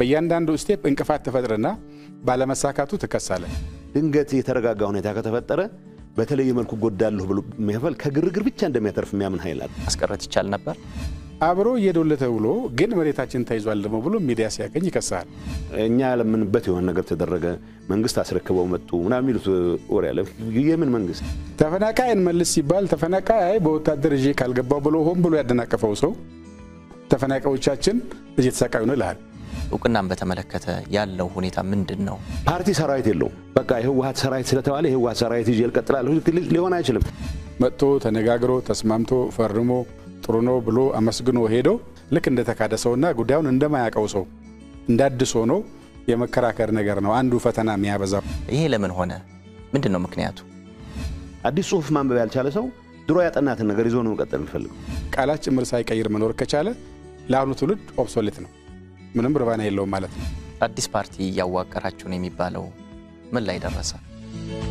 በእያንዳንዱ ስቴፕ እንቅፋት ተፈጥረና ባለመሳካቱ ትከሳለህ። ድንገት የተረጋጋ ሁኔታ ከተፈጠረ በተለየ መልኩ ጎዳለሁ ብሎ የሚያፈል ከግርግር ብቻ እንደሚያተርፍ የሚያምን ኃይል አለ። ማስቀረት ይቻል ነበር አብሮ እየዶለተ ብሎ ግን መሬታችን ተይዟል ደሞ ብሎ ሚዲያ ሲያገኝ ይከሳል። እኛ ያለምንበት የሆነ ነገር ተደረገ፣ መንግስት አስረክበው መጡ ምናምን የሚሉት ወሬ አለ። የምን መንግስት? ተፈናቃይን መልስ ሲባል ተፈናቃይ በወታደር እዤ ካልገባው ብሎ ሆን ብሎ ያደናቀፈው ሰው ተፈናቃዮቻችን እየተሰቃዩ ነው ይልሃል። እውቅናን በተመለከተ ያለው ሁኔታ ምንድን ነው? ፓርቲ ሰራዊት የለው። በቃ የህወሀት ሰራዊት ስለተባለ የህወሀት ሰራዊት ይዤ እቀጥላለሁ ሊሆን አይችልም። መጥቶ ተነጋግሮ ተስማምቶ ፈርሞ ጥሩ ነው ብሎ አመስግኖ ሄዶ ልክ እንደተካደ ሰውና ጉዳዩን እንደማያውቀው ሰው እንዳድሶ ነው የመከራከር ነገር ነው አንዱ ፈተና የሚያበዛው። ይሄ ለምን ሆነ? ምንድን ነው ምክንያቱ? አዲስ ጽሁፍ ማንበብ ያልቻለ ሰው ድሮ ያጠናትን ነገር ይዞ ነው መቀጠል የሚፈልገው። ቃላት ጭምር ሳይቀይር መኖር ከቻለ ለአሁኑ ትውልድ ኦብሶሌት ነው። ምንም ርባና የለውም ማለት ነው። አዲስ ፓርቲ እያዋቀራችሁ ነው የሚባለው ምን ላይ ደረሰ?